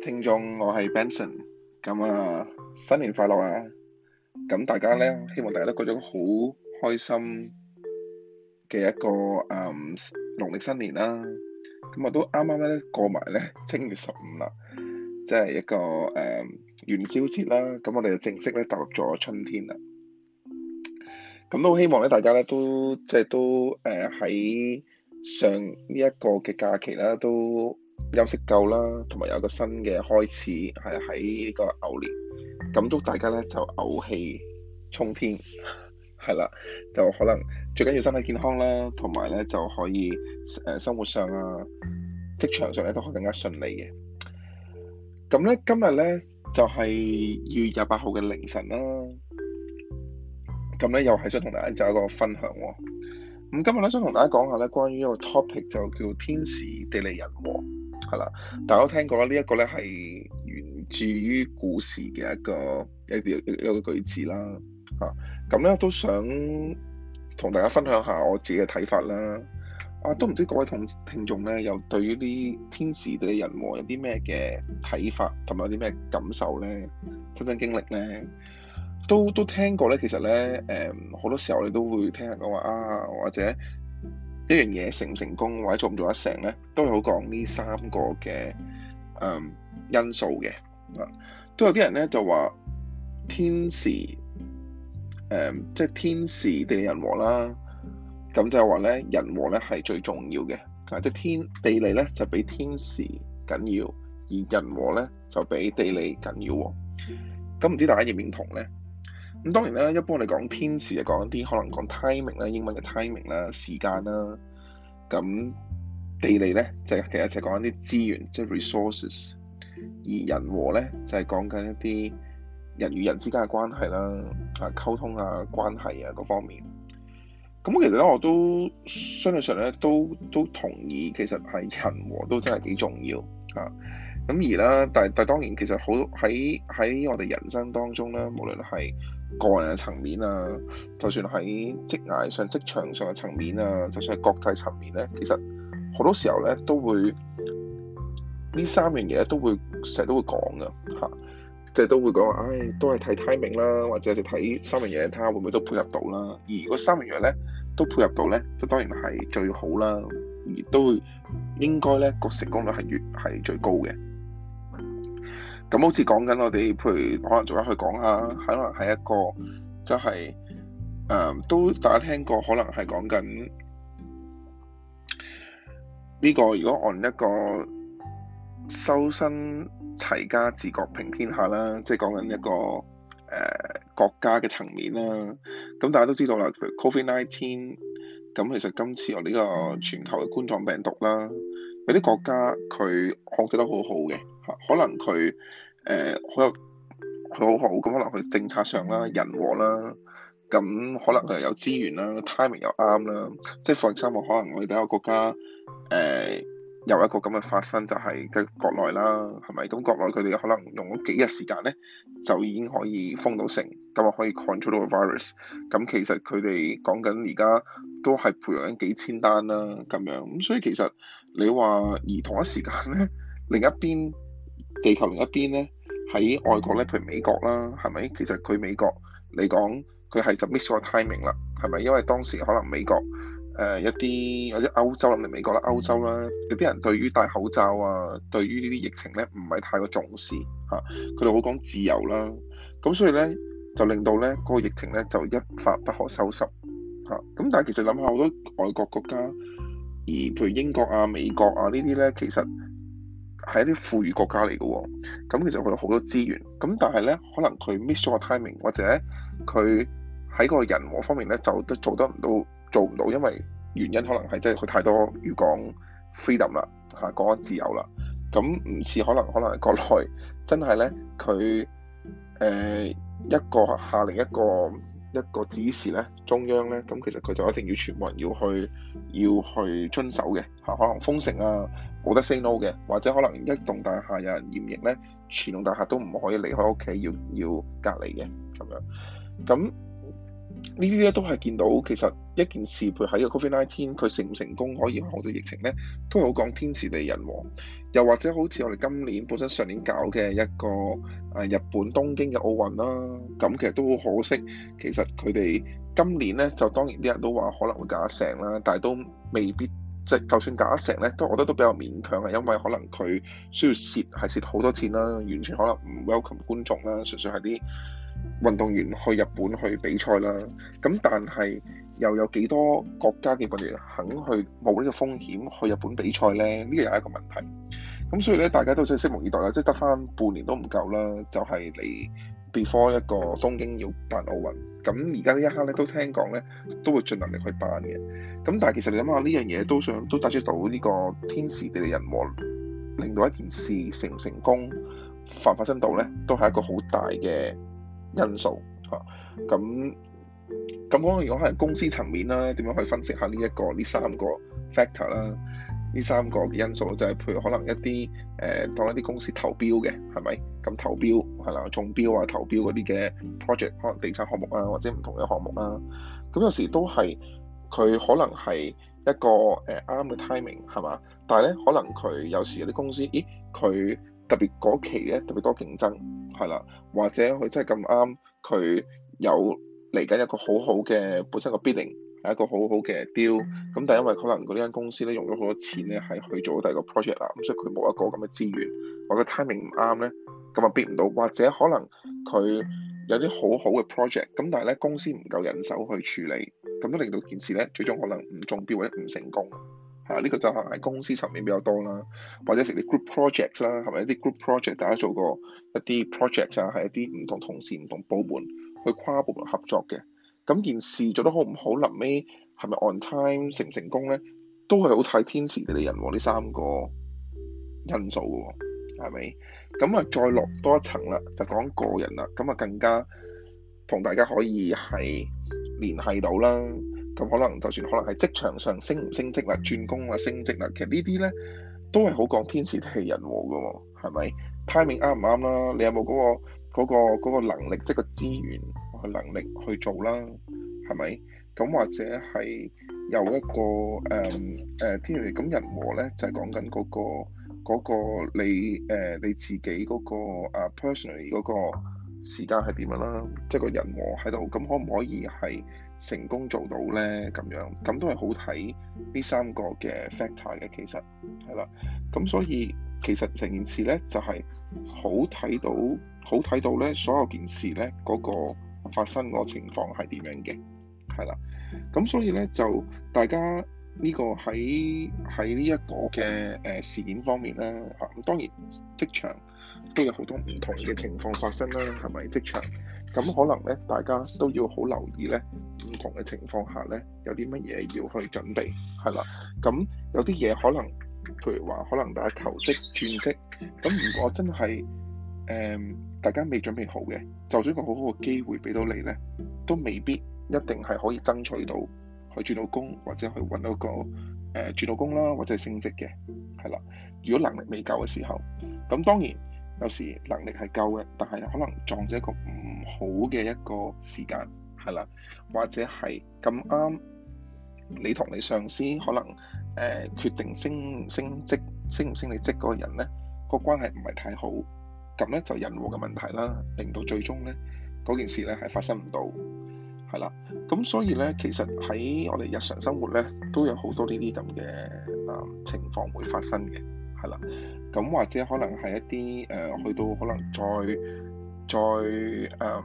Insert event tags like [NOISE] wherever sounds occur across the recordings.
聽眾，我係 Benson，咁啊，新年快樂啊！咁大家咧，希望大家都過咗好開心嘅一個嗯農曆新年啦。咁啊，都啱啱咧過埋咧正月十五，嗯、啦，即係一個誒元宵節啦。咁我哋就正式咧踏入咗春天啦。咁都希望咧，大家咧都即係都誒喺，呃、上呢一個嘅假期啦，都。休息夠啦，同埋有個新嘅開始，係喺呢個牛年，咁祝大家咧就牛氣沖天，係 [LAUGHS] 啦，就可能最緊要身體健康啦，同埋咧就可以誒生活上啊，職場上咧都可以更加順利嘅。咁咧今日咧就係二月廿八號嘅凌晨啦，咁咧又係想同大家做一個分享、哦。咁今日咧想同大家講下咧關於一個 topic 就叫天時地利人和。係啦，大家都聽過啦，呢一個咧係源自於故事嘅一個一啲一個句子啦嚇，咁、啊、咧都想同大家分享下我自己嘅睇法啦。啊，都唔知各位同聽眾咧，又對於啲天時地人和有啲咩嘅睇法，同埋啲咩感受咧，親身經歷咧，都都聽過咧。其實咧，誒、嗯、好多時候你都會聽人講話啊，或者。一樣嘢成唔成功，或者做唔做得成咧，都係好講呢三個嘅誒、嗯、因素嘅。啊，都有啲人咧就話天時誒、嗯，即係天時地利人和啦。咁就話咧，人和咧係最重要嘅，即係天地利咧就比天時緊要，而人和咧就比地利緊要。咁唔知大家認唔認同咧？咁、嗯、當然啦，一般我哋講天時就講一啲可能講 timing 啦，英文嘅 timing 啦，時間啦。咁地理咧，就其實就講一啲資源，即係 resources。而人和咧，就係、是、講緊一啲人與人之間嘅關係啦，啊，溝通啊，關係啊，各方面。咁其實咧，我都相對上咧都都同意其都、啊，其實係人和都真係幾重要嚇。咁而啦，但但當然其實好喺喺我哋人生當中咧，無論係個人嘅層面啊，就算喺職涯上、職場上嘅層面啊，就算喺國際層面咧，其實好多時候咧都會呢三樣嘢都會成日都會講㗎吓，即係、就係、都會講話，唉、哎，都係睇 timing 啦，或者就睇三樣嘢，睇下會唔會都配合到啦。而果三樣嘢咧都配合到咧，就係當然係最好啦，而都會應該咧個成功率係越係最高嘅。咁好似講緊我哋，譬如可能仲有去講下，可能係一個就係、是、誒、呃，都大家聽過，可能係講緊呢個。如果按一個修身齊家治國平天下啦，即係講緊一個誒、呃、國家嘅層面啦。咁大家都知道啦，譬如 Covid nineteen，咁其實今次我呢個全球嘅冠狀病毒啦，有啲國家佢學得好好嘅。可能佢誒、呃、好有佢好好咁，可能佢政策上啦、人和啦，咁可能係有資源啦、timing 又啱啦，即係放，三可能我哋第一個國家誒、呃、有一個咁嘅發生，就係即係國內啦，係咪咁國內佢哋可能用咗幾日時間咧，就已經可以封到城咁啊，可以 control 到個 virus。咁其實佢哋講緊而家都係培養緊幾千單啦，咁樣，咁，所以其實你話而同一時間咧，另一邊。地球另一邊咧，喺外國咧，譬如美國啦，係咪？其實佢美國嚟講，佢係就 miss 咗 timing 啦，係咪？因為當時可能美國誒、呃、一啲或者歐洲啦，唔係美國啦，歐洲啦，有啲人對於戴口罩啊，對於呢啲疫情咧，唔係太過重視嚇，佢、啊、哋好講自由啦，咁所以咧就令到咧嗰、那個疫情咧就一發不可收拾嚇。咁、啊、但係其實諗下好多外國國家，而譬如英國啊、美國啊呢啲咧，其實。係一啲富裕國家嚟㗎喎，咁其實佢有好多資源，咁但係咧，可能佢 miss 咗個 timing，或者佢喺個人和方面咧，就都做得唔到，做唔到，因為原因可能係真係佢太多如講 freedom 啦，嚇講自由啦，咁唔似可能可能國內真係咧，佢誒、呃、一個下令一個。一個指示咧，中央咧，咁其實佢就一定要全部人要去，要去遵守嘅嚇、啊，可能封城啊，冇得 say no 嘅，或者可能一棟大廈有人染疫咧，全棟大廈都唔可以離開屋企，要要隔離嘅咁樣，咁、啊。呢啲咧都係見到，其實一件事，譬如喺個 COVID-19，佢成唔成功可以控制疫情呢，都好講天時地人和。又或者好似我哋今年本身上年搞嘅一個誒日本東京嘅奧運啦，咁其實都好可惜。其實佢哋今年呢，就當然啲人都話可能會假成啦，但係都未必即就算假成呢，都我覺得都比較勉強嘅，因為可能佢需要蝕係蝕好多錢啦，完全可能唔 welcome 觀眾啦，純粹係啲。運動員去日本去比賽啦，咁但係又有幾多國家嘅運動員肯去冒呢個風險去日本比賽呢？呢個又係一個問題。咁所以咧，大家都真係拭目以待啦。即係得翻半年都唔夠啦，就係嚟 before 一個東京要辦奧運。咁而家呢一刻咧都聽講呢都會盡能力去辦嘅。咁但係其實你諗下呢樣嘢都想都帶出到呢個天時地利人和，令到一件事成唔成功發發生到呢，都係一個好大嘅。因素嚇，咁咁講，如果係公司層面啦，點樣去分析下呢、這、一個呢三個 factor 啦？呢三個嘅因素就係譬如可能一啲誒、呃、當一啲公司投標嘅係咪？咁投標，係啦，中標啊，投標嗰啲嘅 project 可能地產項目啊，或者唔同嘅項目啦、啊。咁有時都係佢可能係一個誒啱嘅 timing 係嘛，但係咧可能佢有時有啲公司，咦佢特別嗰期咧特別多競爭。係啦，或者佢真係咁啱，佢有嚟緊一個好好嘅本身個 building 係一個好好嘅 deal。咁但係因為可能佢呢間公司咧用咗好多錢咧係去做第二個 project 啦，咁所以佢冇一個咁嘅資源，或者 timing 唔啱咧，咁啊 bid 唔到，或者可能佢有啲好好嘅 project，咁但係咧公司唔夠人手去處理，咁都令到件事咧最終可能唔中標或者唔成功。嚇，呢、啊呢個就係喺公司層面比較多啦，或者成啲 group projects 啦，係咪一啲 group project 大家做過一啲 project 啊？係一啲唔同同事、唔同部門去跨部門合作嘅，咁件事做得好唔好，臨尾係咪 on time 成唔成功咧？都係好睇天時、啊、地利、人和呢三個因素㗎喎，係咪？咁啊，是是再落多一層啦，就講個人啦，咁啊更加同大家可以係聯繫到啦。咁可能就算可能係職場上升唔升職啦、轉工啦、升職啦，其實呢啲咧都係好講天時地利人和嘅喎，係咪？timing 啱唔啱啦？你有冇嗰、嗰個嗰、嗰個嗰個嗰個能力，即係個資源去能力去做啦，係咪？咁或者係有一個誒誒、嗯呃、天時地利咁人和咧，就係、係、講緊嗰、嗰個嗰個嗰個你誒、呃、你自己嗰、嗰個啊 personal 嗰個時間係點樣啦？即係個人和喺度，咁可唔可以係？成功做到呢咁樣，咁都係好睇呢三個嘅 factor 嘅，其實係啦。咁所以其實成件事呢就係、是、好睇到，好睇到呢所有件事呢嗰、那個發生個情況係點樣嘅，係啦。咁所以呢就大家呢個喺喺呢一個嘅誒事件方面呢，嚇咁當然職場都有好多唔同嘅情況發生啦，係咪職場？咁可能咧，大家都要好留意咧，唔同嘅情況下咧，有啲乜嘢要去準備，係啦。咁有啲嘢可能，譬如話，可能大家求職轉職，咁如果真係誒、呃、大家未準備好嘅，就算個好好嘅機會俾到你咧，都未必一定係可以爭取到去轉到工，或者去揾到一個誒轉到工啦，或者升職嘅，係啦。如果能力未夠嘅時候，咁當然。有時能力係夠嘅，但係可能撞咗一個唔好嘅一個時間，係啦，或者係咁啱你同你上司可能誒決定升唔升職升唔升你職嗰個人呢，個關係唔係太好，咁呢就人和嘅問題啦，令到最終呢嗰件事呢係發生唔到，係啦，咁所以呢其實喺我哋日常生活呢都有好多呢啲咁嘅誒情況會發生嘅。係啦，咁或者可能係一啲誒、呃，去到可能再再誒，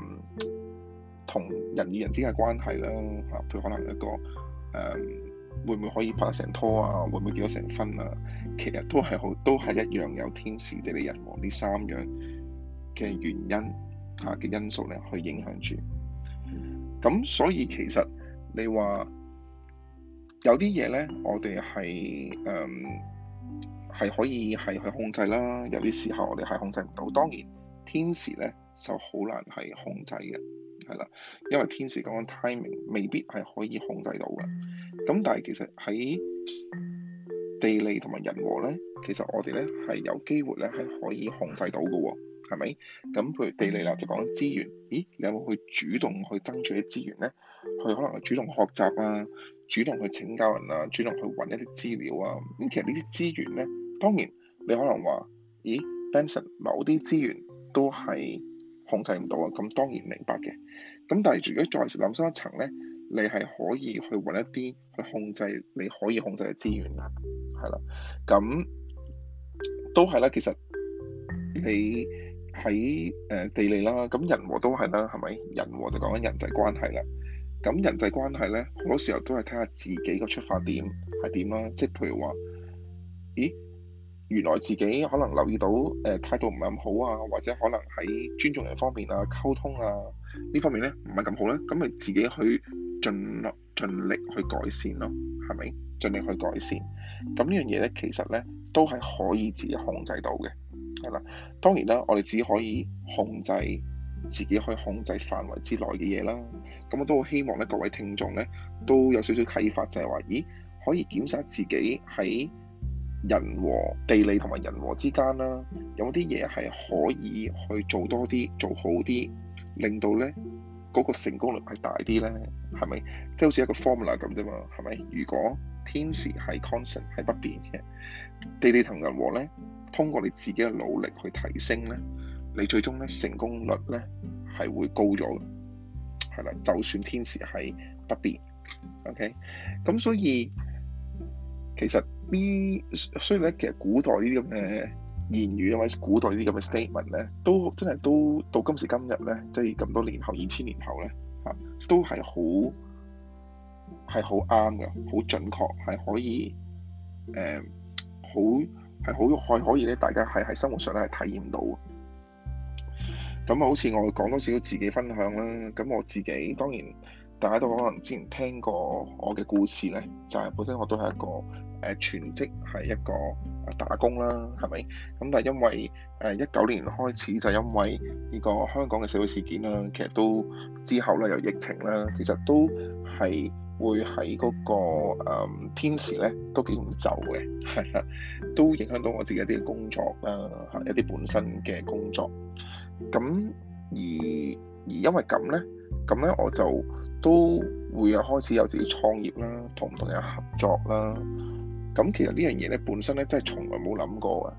同、嗯、人與人之間嘅關係啦，嚇，譬如可能一個誒、嗯，會唔會可以拍得成拖啊？會唔會結咗成婚啊？其實都係好，都係一樣有天時地利人和呢三樣嘅原因嚇嘅、啊、因素咧，去影響住。咁所以其實你話有啲嘢咧，我哋係誒。嗯係可以係去控制啦。有啲時候我哋係控制唔到，當然天時咧就好難係控制嘅，係啦，因為天時講緊 timing，未必係可以控制到嘅。咁但係其實喺地利同埋人和咧，其實我哋咧係有機會咧係可以控制到嘅，係咪？咁譬如地利啦，就講資源，咦？你有冇去主動去爭取啲資源咧？去可能係主動學習啊，主動去請教人啊，主動去揾一啲資料啊。咁其實呢啲資源咧～當然，你可能話：咦，Benson，某啲資源都係控制唔到啊。咁當然明白嘅。咁但係，如果再諗深，深一層呢，你係可以去揾一啲去控制你可以控制嘅資源嘅，係啦。咁、嗯、都係啦。其實你喺誒地利啦，咁人和都係啦，係咪？人和就講緊人際關係啦。咁、嗯、人際關係呢，好多時候都係睇下自己個出發點係點啦。即係譬如話，咦？原來自己可能留意到誒、呃、態度唔係咁好啊，或者可能喺尊重人方面啊、溝通啊呢方面咧唔係咁好咧，咁咪自己去盡盡力去改善咯，係咪？盡力去改善，咁呢樣嘢咧其實咧都係可以自己控制到嘅，係啦。當然啦，我哋只可以控制自己去控制範圍之內嘅嘢啦。咁我都希望咧，各位聽眾咧都有少少啟發，就係、是、話，咦，可以檢察自己喺。人和地理同埋人和之間啦，有啲嘢係可以去做多啲，做好啲，令到呢嗰個成功率係大啲呢？係咪？即係好似一個 formula 咁啫嘛，係咪？如果天時係 constant 係不變嘅，地理同人和呢，通過你自己嘅努力去提升呢，你最終呢成功率呢係會高咗嘅。係啦，就算天時係不變，OK，咁所以其實。呢所以咧，其實古代呢啲咁嘅言語啊，或者古代呢啲咁嘅 statement 咧，真都真係都到今時今日咧，即係咁多年後、二千年後咧，嚇都係好係好啱嘅，好準確，係可以誒好係好可以咧，以大家係喺生活上咧係體驗到嘅。咁好似我講多少少自己分享啦。咁我自己當然大家都可能之前聽過我嘅故事咧，就係、是、本身我都係一個。誒全職係一個打工啦，係咪咁？但係因為誒一九年開始就因為呢個香港嘅社會事件啦，其實都之後咧有疫情啦，其實都係會喺嗰個誒天時咧都幾唔走嘅，嚇 [LAUGHS] 都影響到我自己一啲嘅工作啦，嚇一啲本身嘅工作。咁而而因為咁呢，咁呢，我就都會有開始有自己創業啦，同唔同人合作啦。咁其實呢樣嘢咧本身咧真係從來冇諗過啊。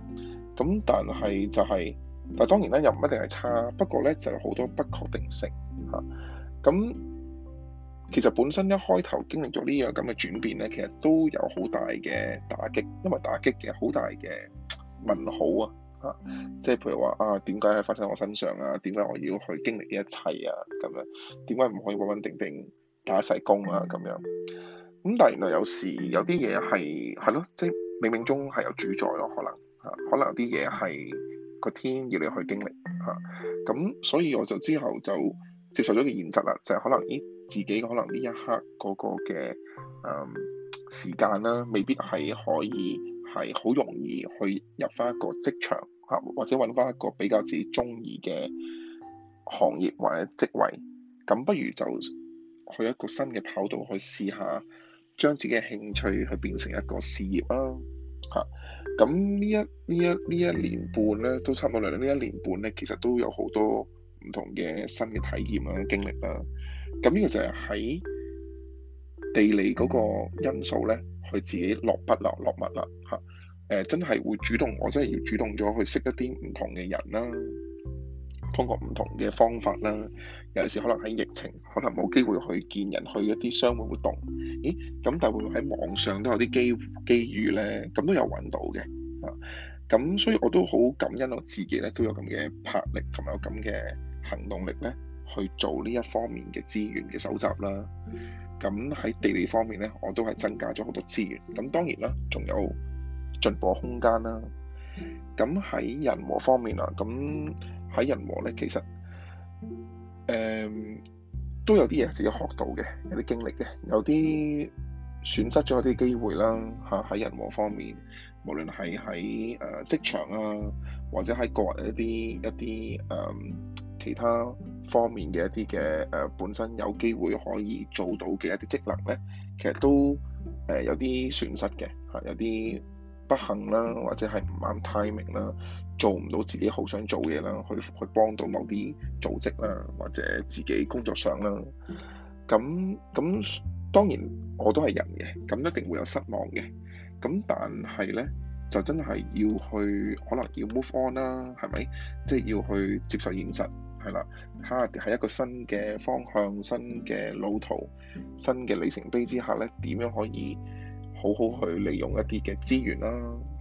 咁但係就係、是，但係當然咧又唔一定係差，不過咧就有好多不確定性嚇。咁、啊、其實本身一開頭經歷咗呢樣咁嘅轉變咧，其實都有好大嘅打擊，因為打擊嘅好大嘅問號啊嚇、啊，即係譬如話啊點解係發生喺我身上啊？點解我要去經歷呢一切啊？咁樣點解唔可以穩穩定定打一世工啊？咁樣。咁但原來有時有啲嘢係係咯，即係冥冥中係有主宰咯，可能嚇、啊，可能有啲嘢係個天要你去經歷嚇。咁、啊、所以我就之後就接受咗個現實啦，就係、是、可能咦自己可能呢一刻嗰個嘅誒時間啦、啊，未必係可以係好容易去入返一個職場嚇、啊，或者搵返一個比較自己鍾意嘅行業或者職位。咁不如就去一個新嘅跑道去試下。將自己嘅興趣去變成一個事業啦、啊。嚇、啊！咁呢一呢一呢一年半咧，都差唔多嚟啦。呢一年半咧，其實都有好多唔同嘅新嘅體驗啦、經歷啦、啊。咁、啊、呢個就係喺地理嗰個因素咧，佢自己落筆啦、落物啦，嚇、啊！誒、啊，真係會主動，我真係要主動咗去識一啲唔同嘅人啦、啊，通過唔同嘅方法啦、啊。有時可能喺疫情，可能冇機會去見人，去一啲商務活動。咦？咁但係會喺網上都有啲機機遇呢，咁都有揾到嘅啊！咁所以我都好感恩我自己呢，都有咁嘅魄力同埋有咁嘅行動力呢，去做呢一方面嘅資源嘅搜集啦。咁喺地理方面呢，我都係增加咗好多資源。咁當然啦，仲有進步嘅空間啦。咁喺人和方面啊，咁喺人和呢，其實～誒、um，都有啲嘢自己學到嘅，有啲經歷嘅，有啲損失咗啲機會啦，嚇、啊、喺人和方面，無論係喺誒職場啊，或者喺個人一啲一啲誒、嗯、其他方面嘅一啲嘅誒本身有機會可以做到嘅一啲職能咧，其實都誒有啲損失嘅，嚇、啊、有啲。不幸啦，或者係唔啱 timing 啦，做唔到自己好想做嘢啦，去去幫到某啲組織啦，或者自己工作上啦。咁咁當然我都係人嘅，咁一定會有失望嘅。咁但係呢，就真係要去，可能要 move on 啦，係咪？即係要去接受現實，係啦。下喺一個新嘅方向、新嘅路途、新嘅里程碑之下，呢點樣可以？好好去利用一啲嘅資源啦，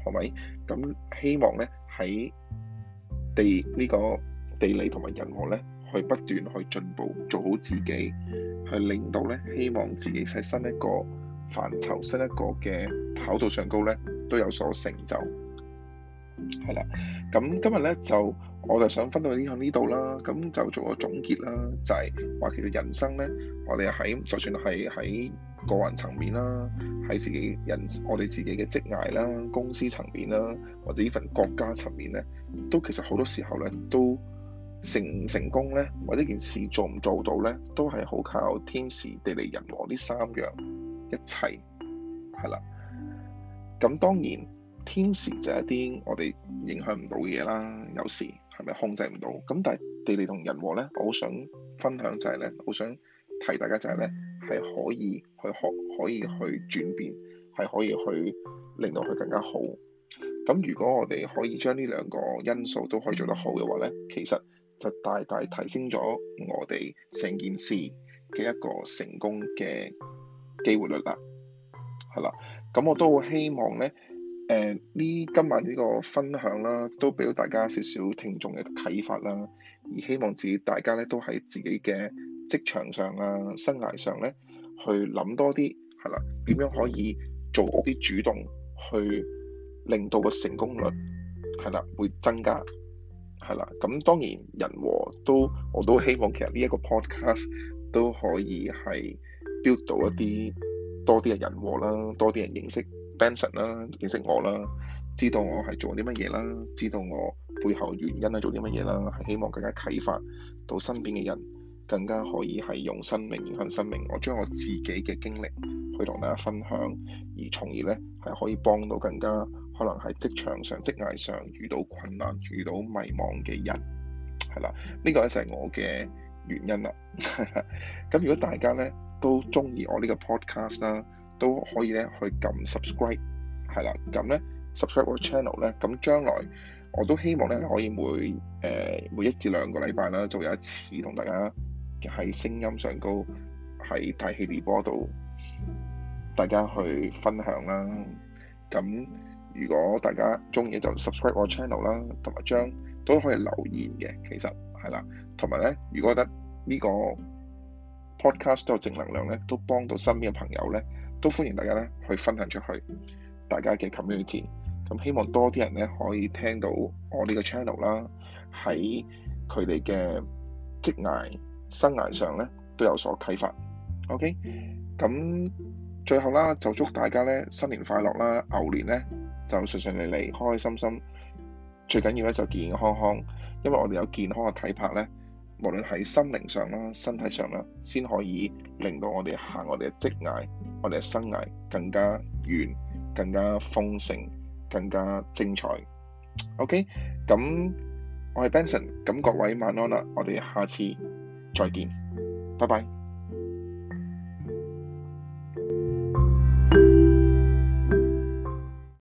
係咪？咁希望呢喺地呢個地理同埋人和呢，去不斷去進步，做好自己，去令到呢，希望自己喺新一個範疇、新一個嘅跑道上高呢，都有所成就。係啦，咁今日呢就。我就想分到影響呢度啦，咁就做個總結啦，就係話其實人生呢，我哋喺就算係喺個人層面啦，喺自己人我哋自己嘅職涯啦、公司層面啦，或者呢份國家層面呢，都其實好多時候呢都成唔成功呢，或者件事做唔做到呢，都係好靠天時地利人和呢三樣一齊。係啦。咁當然天時就係一啲我哋影響唔到嘅嘢啦，有時。係咪控制唔到？咁但係地利同人和呢，我好想分享就係呢。我想提大家就係呢，係可以去可可以去轉變，係可以去令到佢更加好。咁如果我哋可以將呢兩個因素都可以做得好嘅話呢，其實就大大提升咗我哋成件事嘅一個成功嘅機會率啦。係啦，咁我都希望呢。誒呢、呃、今晚呢個分享啦，都俾到大家少少聽眾嘅睇法啦，而希望自己大家咧都喺自己嘅職場上啊、生涯上咧，去諗多啲係啦，點樣可以做啲主動去令到個成功率係啦會增加係啦。咁當然人和都我都希望其實呢一個 podcast 都可以係 build 到一啲。多啲嘅人和啦，多啲人認識 Benson 啦，認識我啦，知道我係做啲乜嘢啦，知道我背後原因係做啲乜嘢啦，係希望更加啟發到身邊嘅人，更加可以係用生命影響生命我。我將我自己嘅經歷去同大家分享，而從而呢係可以幫到更加可能喺職場上、職涯上遇到困難、遇到迷茫嘅人，係啦，呢個呢就係我嘅原因啦。咁 [LAUGHS] 如果大家呢……都中意我呢個 podcast 啦，都可以咧去撳 subscribe，係啦，咁咧 subscribe 我 channel 咧，咁將來我都希望咧可以每誒、呃、每一至兩個禮拜啦，做一次同大家喺聲音上高喺大氣電波度大家去分享啦。咁如果大家中意就 subscribe 我 channel 啦，同埋將都可以留言嘅，其實係啦，同埋咧如果覺得呢個 Podcast 都有正能量咧，都幫到身邊嘅朋友咧，都歡迎大家咧去分享出去，大家嘅 community。咁希望多啲人咧可以聽到我呢個 channel 啦，喺佢哋嘅職涯生涯上咧都有所啟發。OK，咁最後啦，就祝大家咧新年快樂啦，牛年咧就順順利利，開開心心，最緊要咧就健健康康，因為我哋有健康嘅體魄咧。無論喺心靈上啦、身體上啦，先可以令到我哋行我哋嘅職涯、我哋嘅生涯更加圓、更加豐盛、更加精彩。OK，咁我係 Benson，咁各位晚安啦，我哋下次再見，拜拜。